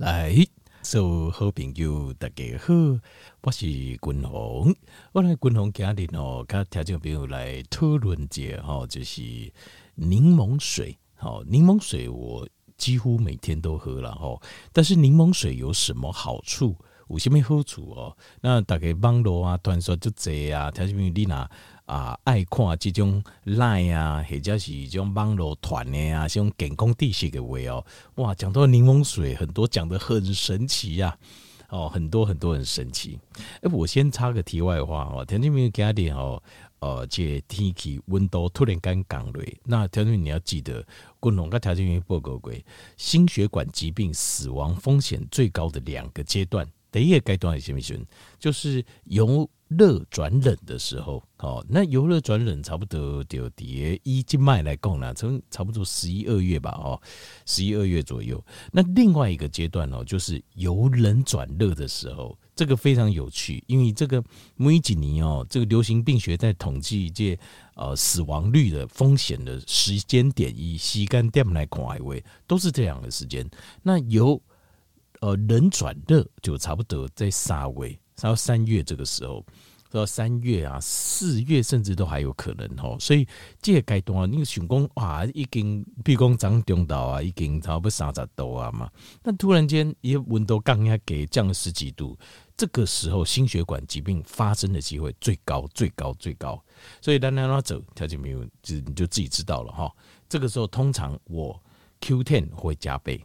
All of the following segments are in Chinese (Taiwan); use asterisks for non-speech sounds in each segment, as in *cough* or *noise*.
來，所、so, 有好朋友，大家好，我是君宏，我來君宏家裡哦，跟聽眾朋友來討論一下、哦，就是檸檬水，好、哦，檸檬水我幾乎每天都喝了哈、哦，但是檸檬水有什麼好處？有蝦米好處哦？那大家網絡啊，傳說就濟啊，聽俊明你若啊，愛、呃、看這種 LINE 啊，或者是這種網絡團的啊，種健康知識的話。哦！哇，講到檸檬水，很多講的很神奇呀、啊，哦，很多很多很神奇。哎、欸，我先插個題外話哦，田俊明今底哦，呃，這天氣溫度突然間降嘞，那田俊明你要記得，我剛剛田俊明報告過，心血管疾病死亡風險最高的兩個階段。第一個階段是什麼？就是由熱轉冷的時候，哦，那由熱轉冷差不多就疊一靜脈來控啦，從差不多十一二月吧，哦，十一二月左右。那另外一個階段哦，就是由冷轉熱的時候，這個非常有趣，因為這個穆伊吉尼哦，這個流行病學在統計這些呃死亡率，的風險的時間點，以時點，以西干電來控來都是這樣的時間。那由呃，冷轉熱就差不多在三月，然後三月這個時候，到三月啊，四月甚至都還有可能哦。所以這個階段啊，那個氣溫哇，已經，譬如講長中到啊，已經差不多三十度啊嘛。但突然間一溫度降一下給降了十幾度，這個時候心血管疾病發生的機會最高，最高，最高。所以當然那走，它就沒有，就你就自己知道了哈。這個時候，通常我 Q10 會加倍。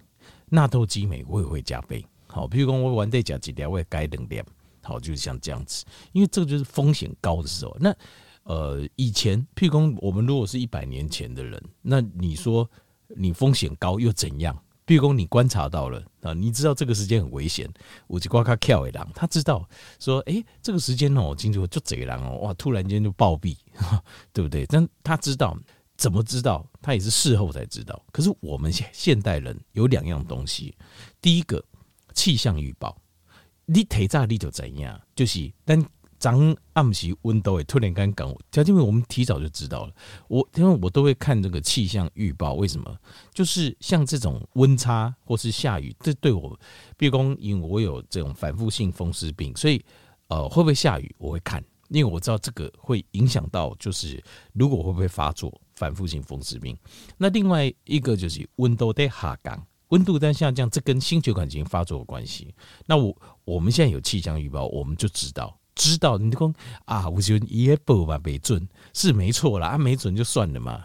納豆激酶我也會加倍，好，譬如講我玩對加幾條，我也該等點，好，就是像這樣子，因為這個就是風險高的時候。那呃，以前譬如講我們如果是一百年前的人，那你說你風險高又怎樣？譬如講你觀察到了啊，你知道這個時間很危險，我就呱呱跳一狼，他知道說，誒、欸，這個時間哦、喔，進去就賊狼哦，哇，突然間就暴斃，對不對？但他知道。怎麼知道？他也是事後才知道。可是我們現現代人有兩樣東西，第一個氣象預報，你台炸你就怎樣，就是但咱暗時溫度也突然間剛，條件因為我們提早就知道了。我因為我都會看這個氣象預報，為什麼？就是像這種溫差或是下雨，這對我，比如說因為我有這種反覆性風濕病，所以呃會不會下雨我會看，因為我知道這個會影響到，就是如果我會不會發作。反復性風濕病，那另外一個就是溫度在下降，溫度在下降，這跟心血管情發作有關係。那我我們現在有氣象預報，我們就知道，知道你就說啊，我就 e 也不準，不，沒準是沒錯啦，啊，沒準就算了嘛，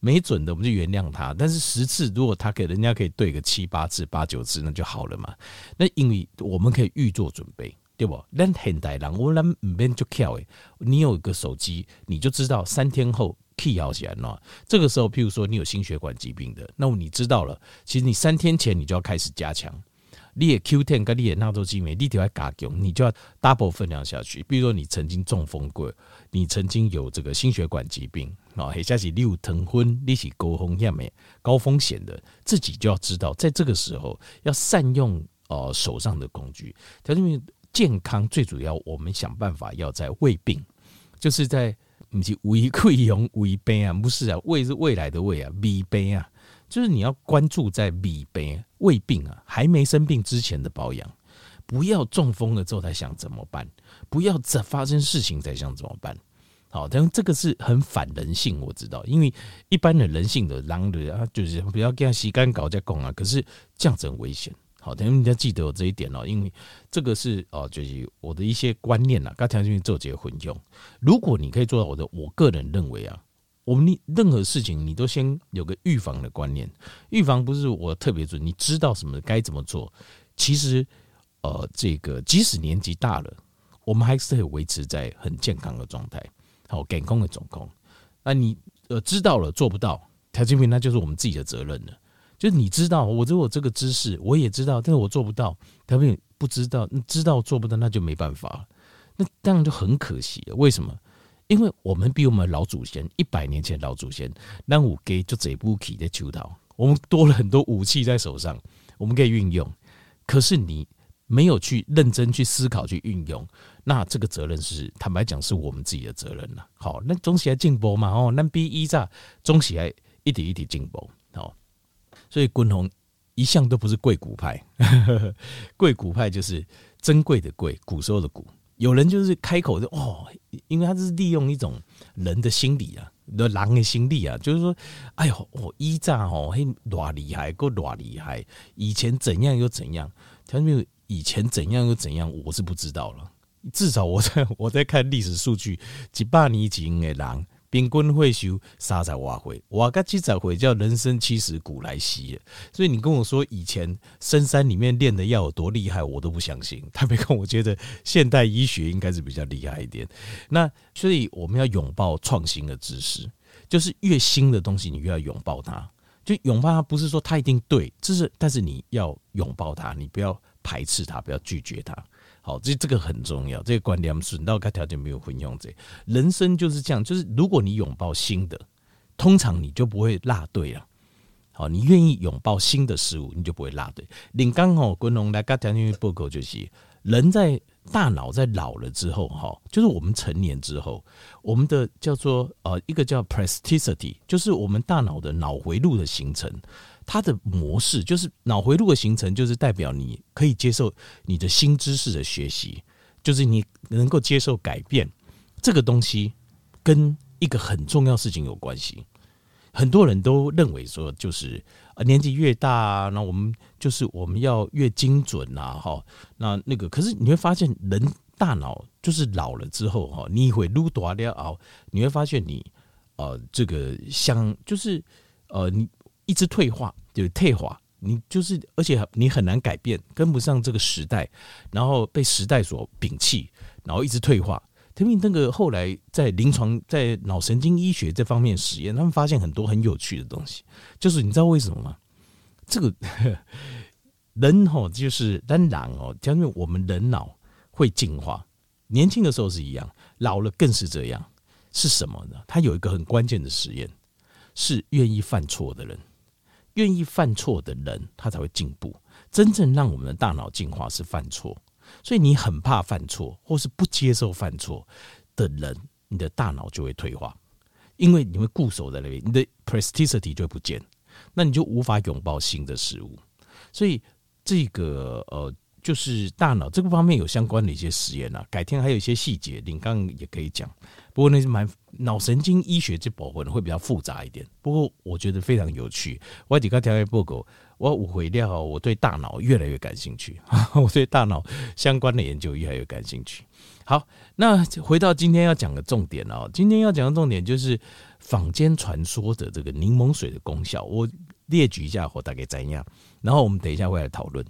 沒準的我們就原諒他。但是十次如果他給人家可以對個七八次、八九次，那就好了嘛。那因為我們可以預做準備。對不？咱現代人，我咱唔變就巧，誒。你有一個手機，你就知道三天後 key 好起來。這個時候，譬如說你有心血管疾病的，那麼你知道了，其實你三天前你就要開始加強。你的 Q10 跟你的納豆激酶，你就要加強，你就要，要 double 分量下去。比如說你曾經中風過，你曾經有這個心血管疾病啊，或者是六糖婚，你是高風險的，高風險的，自己就要知道，在這個時候要善用哦、呃、手上的工具，特別是。健康最主要，我們想辦法要在胃病，就是在不是胃潰瘍、胃病啊，不是啊，胃是未來的未啊，未病啊，就是你要關注在未病胃病啊，還沒生病之前的保養，不要中風了之後才想怎麼辦，不要再發生事情才想怎麼辦。好，但這個是很反人性，我知道，因為一般的人性的狼人啊，就是不要給他洗乾搞在工啊，可是這樣子很危險。好的，等下你要記得我這一點哦、喔，因為這個是哦，就是我的一些觀念啊，跟才這邊做結婚用，如果你可以做到我的，我個人認為啊，我們你任何事情你都先有個預防的觀念，預防不是我特別準，你知道什麼該怎麼做。其實，呃，這個即使年紀大了，我們還是可以維持在很健康的狀態。好，健康的總控，那你呃知道了做不到，台金平那就是我們自己的責任了。就你知道，我只有我這個知識，我也知道，但是我做不到。他們也不知道，知道做不到，那就沒辦法。那當然就很可惜了。為什麼？因為我們比我們老祖先一百年前老祖先，那五 G 就這部 K 的求道，我們多了很多武器在手上，我們可以運用。可是你沒有去認真去思考去運用，那這個責任是坦白講是我們自己的責任了。好，那總起來進步嘛？哦，那比一戰總起來一點一點進步好。所以，坤同一向都不是貴古派。 *laughs* 貴古派就是珍貴的貴，古時候的古。有人就是開口就哦，因為他是利用一種人的心理啊，的狼的心理啊，就是說，哎呦，我依仗哦嘿，偌、哦、厲害夠偌厲害，以前怎樣又怎樣？他們以前怎樣又怎樣？我是不知道了。至少我在我在看歷史數據，幾百年前的狼。秉棍會修，沙仔瓦灰，瓦格雞仔灰，叫人生七十古來稀。所以你跟我說以前深山裡面練的藥有多厲害，我都不相信。坦白講，我覺得現代醫學應該是比較厲害一點。那所以我們要擁抱創新的知識，就是越新的東西你越要擁抱它。就擁抱它不是說它一定對，就是但是你要擁抱它，你不要排斥它，不要拒絕它。好，這這個很重要，這個觀點。我們順道跟條件沒有混用這，人生就是這樣，就是如果你擁抱新的，通常你就不會落隊了。好，你願意擁抱新的事物，你就不會落隊。林剛哦，國龍來該條件報告就是。人在大腦在老了之後，哈，就是我們成年之後，我們的叫做呃，一個叫 plasticity，就是我們大腦的腦回路的形成，它的模式就是腦回路的形成，就是代表你可以接受你的新知識的學習，就是你能夠接受改變，這個東西跟一個很重要事情有關係。很多人都認為說，就是年紀越大，啊，那我們就是我們要越精準吶,哈,那那個，可是你會發現，人大腦就是老了之後，哈，你會擼多了哦，你會發現你，呃，這個想就是，呃，你一直退化，就是，退化，你就是，而且你很難改變，跟不上這個時代，然後被時代所摒棄，然後一直退化。因為那個後來在臨床，在腦神經醫學這方面實驗，他們發現很多很有趣的東西。就是你知道為什麼嗎？這個人吼就是當然哦，因為我們人腦會進化。年輕的時候是一樣，老了更是這樣。是什麼呢？他有一個很關鍵的實驗：是願意犯錯的人，願意犯錯的人，他才會進步。真正讓我們的大腦進化是犯錯。所以你很怕犯錯，或是不接受犯錯的人，你的大腦就會退化，因為你會固守在那邊，你的 plasticity 就會不見，那你就無法擁抱新的事物。所以這個呃。就是大腦這個方面有相關的一些實驗啊，改天還有一些細節，你剛剛也可以講。不過那是蠻腦神經醫學這部分會比較複雜一點。不過我覺得非常有趣。我頂剛聽完報告，我五回料，我對大腦越來越感興趣，我對大腦相關的研究越來越感興趣。好，那回到今天要講的重點哦，今天要講的重點就是坊間傳說的這個檸檬水的功效。我列舉一下，或大概怎樣，然後我們等一下會來討論。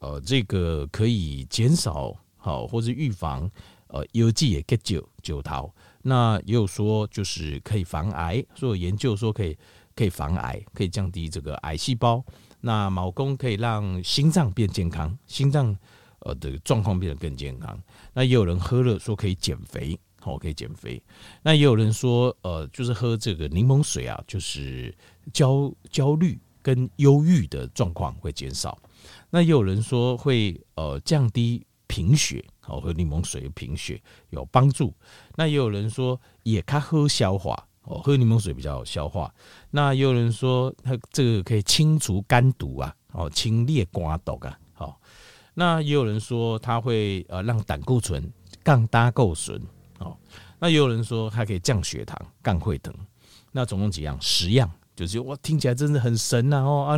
呃，這個可以減少好、哦，或者預防呃，郵寄也 get 酒酒桃。那也有說就是可以防癌，所以有研究說可以可以防癌，可以降低這個癌細胞。那毛公可以讓心臟變健康，心臟呃的狀況變得更健康。那也有人喝了說可以減肥，好、哦、可以減肥。那也有人說呃，就是喝這個檸檬水啊，就是焦焦慮跟憂鬱的狀況會減少。那也有人說會呃降低貧血哦，喝檸檬水貧血有幫助。那也有人說也它喝消化哦，喝檸檬水比較好消化。那也有人說它這個可以清除肝毒啊，哦清烈瓜毒啊，好。那也有人說它會呃讓膽固醇降搭固醇哦。那也有人說它可以降血糖降會疼。那總共幾樣？十樣。就是我聽起來真的很神啊！哦，啊、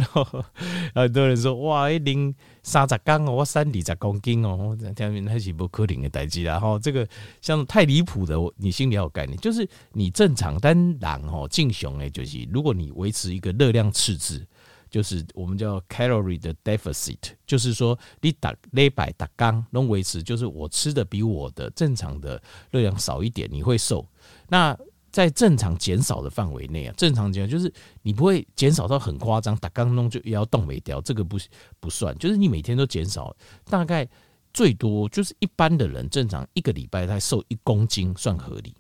很多人說哇，一拎三十公斤哦，我三二十公斤哦，我明那是不可能的代志啦！吼、哦，這個像太離譜的我，你心裡要有概念。就是你正常單，當然哦，健雄哎，就是如果你維持一個熱量赤字，就是我們叫 calorie 的 deficit，就是說你打那百打槓能維持，就是我吃的比我的正常的熱量少一點，你會瘦。那在正常減少的範圍內啊，正常減少就是你不會減少到很誇張，打剛弄就要動沒掉，這個不不算。就是你每天都減少，大概最多就是一般的人正常一個禮拜他瘦一公斤，算合理。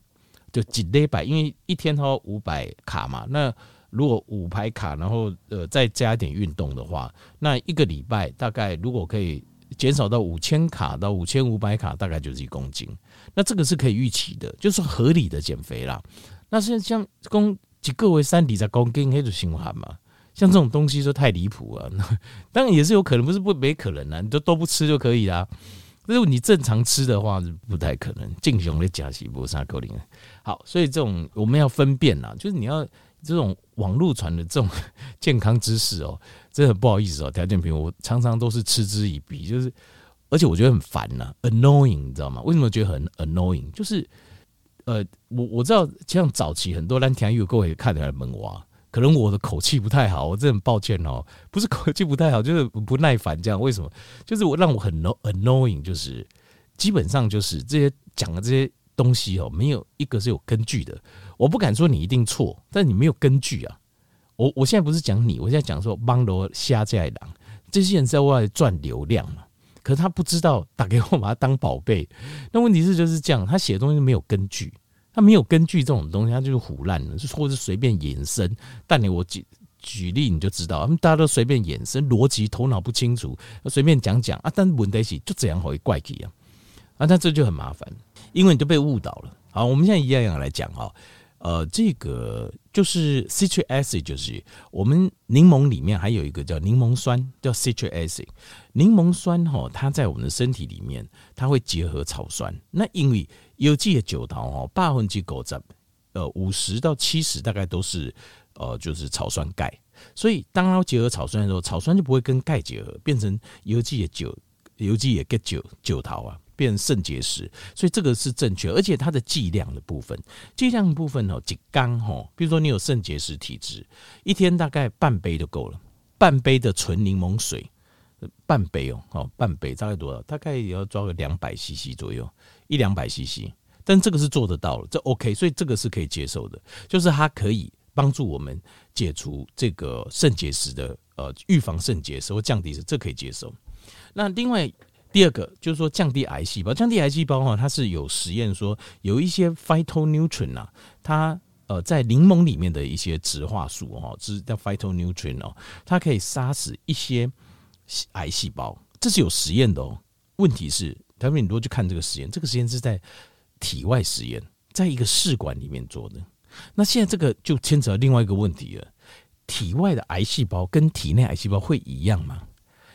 就幾禮拜，因為一天它五百卡嘛，那如果五百卡，然後呃再加一點運動的話，那一個禮拜大概如果可以。減少到五千卡到五千五百卡，大概就是一公斤。那這個是可以預期的，就是合理的減肥啦。那現在像公各位三弟在公跟黑主循環嘛，像這種東西就太離譜啊。當然也是有可能，不是不沒可能啊。你都都不吃就可以啦。如果你正常吃的話，不太可能。進雄的甲基潑沙可林。好，所以這種我們要分辨吶，就是你要。這種網絡傳的這種健康知識哦，真的很不好意思哦，調件平，我常常都是嗤之以鼻，就是而且我覺得很煩吶、啊、，annoying，你知道嗎？為什麼覺得很 annoying？就是呃，我我知道，像早期很多藍天玉各位看起來萌娃，可能我的口氣不太好，我真的很抱歉哦，不是口氣不太好，就是不耐煩這樣。為什麼？就是我讓我很 annoying，就是基本上就是這些講的這些。東西哦，沒有一個是有根據的。我不敢說你一定錯，但你沒有根據啊。我我現在不是講你，我現在講說幫羅瞎在講，這些人在外賺流量嘛，可是他不知道打給我，把他當寶貝。那問題是就是這樣，他寫的東西沒有根據，他沒有根據這種東西，他就是唬爛的，或是隨便延伸。但你我舉舉例你就知道，他們大家都隨便延伸，邏輯頭腦不清楚，隨便講講啊。但問題是就這樣會怪奇啊。啊、那這就很麻煩，因為你就被誤導了。好，我們現在一樣一樣來講哦。呃，這個就是 citric acid，就是我們檸檬裡面還有一個叫檸檬酸，叫 citric acid。檸檬酸哈、哦，它在我們的身體裡面，它會結合草酸。那因為有機的酒桃哈、哦，八分之九十呃五十到七十大概都是呃就是草酸鈣，所以當它結合草酸的時候，草酸就不會跟鈣結合，變成有機的酒，有機的個酒酒桃啊。變成腎結石，所以這個是正確，而且它的劑量的部分，劑量的部分哦、喔，幾缸哦，比如說你有腎結石體質，一天大概半杯就夠了，半杯的純檸檬水，半杯哦、喔，半杯大概多少？大概也要抓個兩百 CC 左右，一兩百 CC，但這個是做得到了，這 OK，所以這個是可以接受的，就是它可以幫助我們解除這個腎結石的，呃，預防腎結石或降低這可以接受，那另外。第二個就是說降低癌細胞，降低癌細胞哈、哦，它是有實驗說有一些 phytonutrient、啊、它呃在檸檬裡面的一些植化素哈、哦，是叫 phytonutrient 哦，它可以殺死一些癌細胞，這是有實驗的哦。問題是，等於，你如果去看這個實驗，這個實驗是在體外實驗，在一個試管裡面做的。那現在這個就牽扯到另外一個問題了：體外的癌細胞跟體內癌細胞會一樣嗎？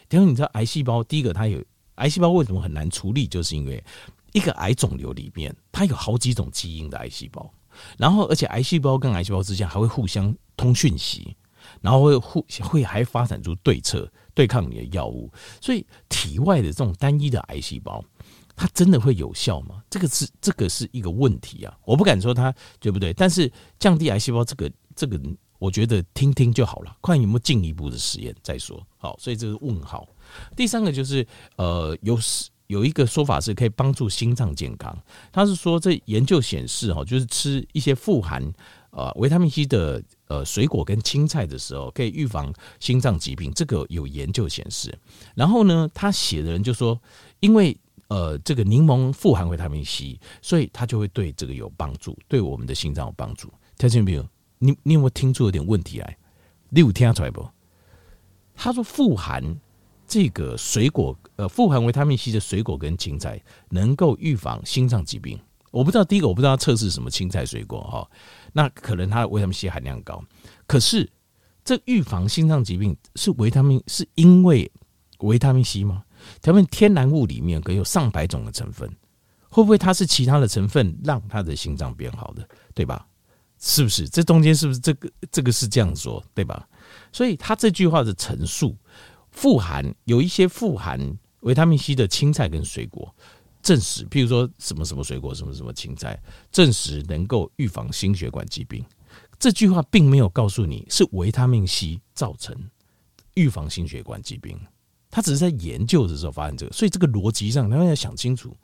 等於，你知道癌細胞，第一個它有。癌細胞為什麼很難處理？就是因為一個癌腫瘤裡面，它有好幾種基因的癌細胞，然後而且癌細胞跟癌細胞之間還會互相通訊息，然後會互相會還發展出對策對抗你的藥物。所以體外的這種單一的癌細胞，它真的會有效嗎？這個是這個是一個問題啊，我不敢說它對不對，但是降低癌細胞這個這個。我覺得聽聽就好了，看有沒有進一步的實驗再說。好，所以這是問號。第三個就是呃，有有一個說法是可以幫助心臟健康，他是說這研究顯示哈、哦，就是吃一些富含呃維他命 C 的呃水果跟青菜的時候，可以預防心臟疾病。這個有研究顯示。然後呢，他寫的人就說，因為呃這個檸檬富含維他命 C，所以它就會對這個有幫助，對我們的心臟有幫助。聽清楚沒有？你你有沒有聽出有點問題來？你有聽出來不？他說富含這個水果，呃，富含維他命 C 的水果跟青菜能夠預防心臟疾病。我不知道第一個，我不知道測試什麼青菜水果哈、哦。那可能它的維他命 C 含量高，可是這預防心臟疾病是維他命，是因為維他命 C 嗎？他們天然物裡面可有上百種的成分，會不會它是其他的成分讓他的心臟變好的，對吧？是不是？這中間是不是這個？這個是這樣說，對吧？所以他這句話的陳述富含有一些富含維他命 C 的青菜跟水果，證實，譬如說什麼什麼水果，什麼什麼青菜，證實能夠預防心血管疾病。這句話並沒有告訴你是維他命 C 造成預防心血管疾病，他只是在研究的時候發現這個，所以這個邏輯上你要想清楚。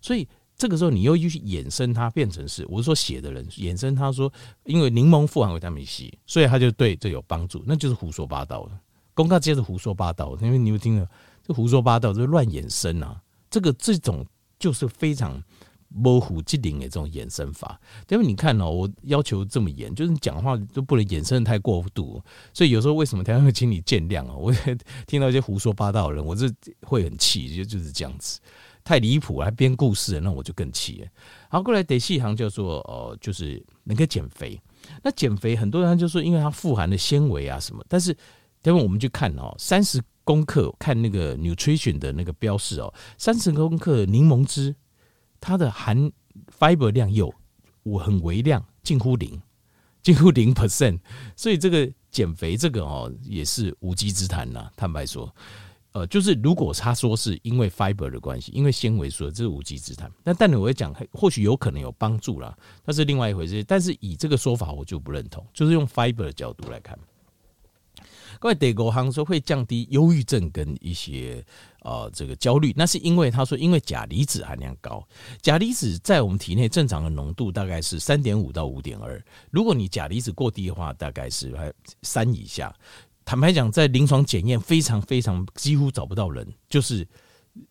所以。這個時候，你又又去衍生它變成是，我是說寫的人衍生他說，因為檸檬富含維他命 C，所以他就對這有幫助，那就是胡說八道了。公告接着胡說八道，因為你又聽了這胡說八道，這亂衍生啊，這個這種就是非常模糊機靈的這種衍生法。因為你看哦，我要求這麼嚴，就是你講話都不能衍生的太過度，所以有時候為什麼台灣會請你見諒哦？我也聽到一些胡說八道的人，我這會很氣，就就是這樣子。太離譜，還編故事，那我就更氣了。好，過來得細行叫做哦，就是能夠減肥。那減肥很多人就說，因為它富含的纖維啊什麼。但是等會我們去看哦、喔，三十公克看那個 nutrition 的那個標示哦、喔，三十公克檸檬汁，它的含 fiber 量有很微量，近乎零，近乎零 percent。所以這個減肥這個哦、喔、也是無稽之談、啊、坦白說。呃，就是如果他說是因為 fiber 的關係，因為纖維素的，這是無稽之談。但但我會講，或許有可能有幫助啦。那是另外一回事。但是以這個說法，我就不認同。就是用 fiber 的角度來看，各位德國行說會降低憂鬱症跟一些呃這個焦慮，那是因為他說，因為鉀離子含量高，鉀離子在我們體內正常的濃度大概是三點五到五點二，如果你鉀離子過低的話，大概是還三以下。坦白講，在臨床檢驗非常非常幾乎找不到人，就是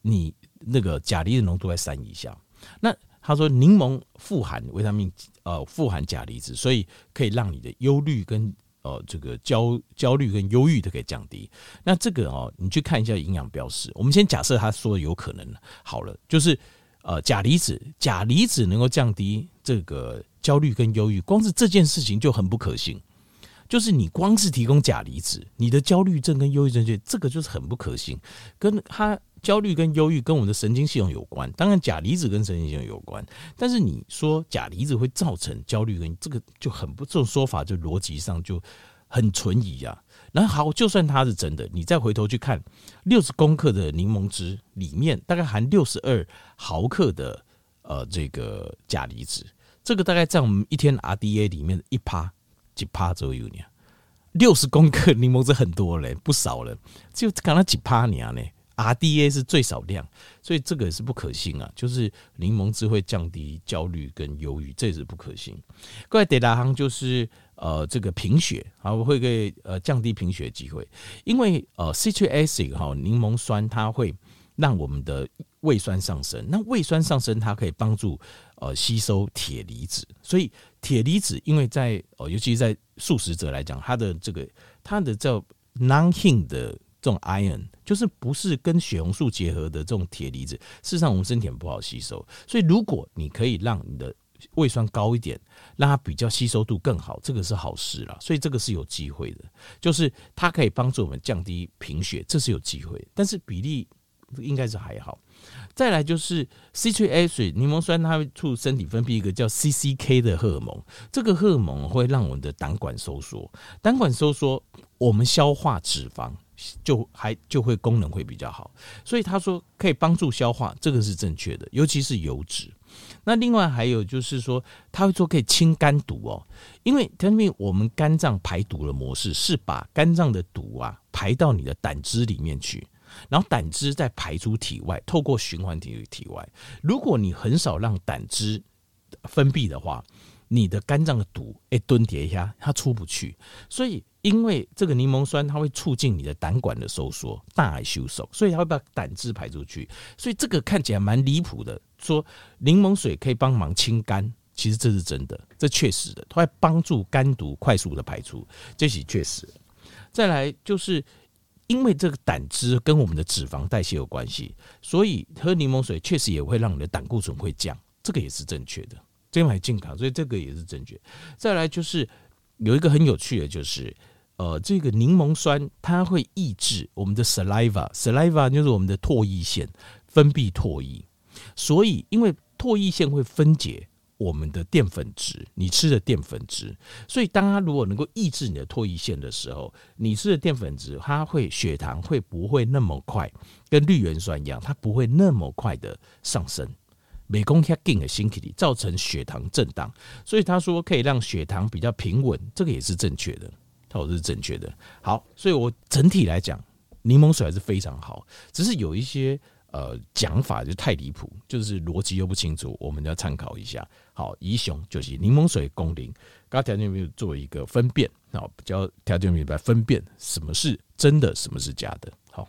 你那個鉀離子濃度在三以下。那他說檸檬富含維他命，呃，富含鉀離子，所以可以讓你的憂慮跟呃這個焦焦慮跟憂鬱都可以降低。那這個哦，你去看一下營養標示，我們先假設他說有可能好了，就是呃鉀離子，鉀離子能夠降低這個焦慮跟憂鬱，光是這件事情就很不可信。就是你光是提供鉀離子，你的焦慮症跟憂鬱症，這個就是很不可信。跟他焦慮跟憂鬱跟我們的神經系統有關，當然鉀離子跟神經系統有關。但是你說鉀離子會造成焦慮跟這個就很不，這種說法就邏輯上就很存疑啊。然後好，就算它是真的，你再回頭去看，六十公克的檸檬汁裡面大概含六十二毫克的呃這個鉀離子，這個大概在我們一天 RDA 裡面的一趴。幾帕左右呢？六十公克檸檬汁很多嘞，不少嘞，只有剛了幾帕尼呢？RDA 是最少量，所以這個是不可信啊。就是檸檬汁會降低焦慮跟憂鬱，這也是不可信。怪得大行就是呃，這個貧血啊，會給呃降低貧血機會，因為呃，citric acid，檸檬酸它會讓我們的。胃酸上升，那胃酸上升，它可以幫助呃吸收鐵離子。所以鐵離子，因為在、呃、尤其是在素食者來講，它的這個它的叫 non-heme 的這種 iron，就是不是跟血紅素結合的這種鐵離子，事實上我們身體也不好吸收。所以如果你可以讓你的胃酸高一點，讓它比較吸收度更好，這個是好事了。所以這個是有機會的，就是它可以幫助我們降低貧血，這是有機會的。但是比例應該是還好。再來就是 citric acid 檸檬酸，它會促進身體分泌一個叫 C C K 的荷爾蒙，這個荷爾蒙會讓我們的膽管收縮，膽管收縮，我們消化脂肪就還就會功能會比較好，所以他說可以幫助消化，這個是正確的，尤其是油脂。那另外還有就是說，他會說可以清肝毒哦，因為因為我們肝臟排毒的模式是把肝臟的毒啊排到你的膽汁裡面去。然後膽汁再排出體外，透過循環體體外。如果你很少讓膽汁分泌的話，你的肝臟的毒誒，囤積一下，它出不去。所以，因為這個檸檬酸，它會促進你的膽管的收縮，大而修手。所以它會把膽汁排出去。所以這個看起來蠻離譜的，說檸檬水可以幫忙清肝，其實這是真的，這確實的，它會幫助肝毒快速的排出，這是確實的。再來就是。因為這個膽汁跟我們的脂肪代謝有關係，所以喝檸檬水確實也會讓你的膽固醇會降，這個也是正確的，這樣很健康，所以這個也是正確。再來就是有一個很有趣的，就是呃，這個檸檬酸它會抑制我們的 saliva saliva 就是我們的唾液腺分泌唾液，所以因為唾液腺會分解。我們的澱粉質，你吃的澱粉質，所以當它如果能夠抑制你的唾液腺的時候，你吃的澱粉質，它會血糖會不會那麼快？跟綠原酸一樣，它不會那麼快的上升，每公斤的身體造成血糖震盪，所以他說可以讓血糖比較平穩，這個也是正確的，他說是正確的。好，所以我整體來講，檸檬水還是非常好，只是有一些。呃，講法就太離譜，就是邏輯又不清楚，我們要參考一下。好，宜雄就是檸檬水工齡，剛才條件沒有做一個分辨？好，教大家明白分辨什麼是真的，什麼是假的。好。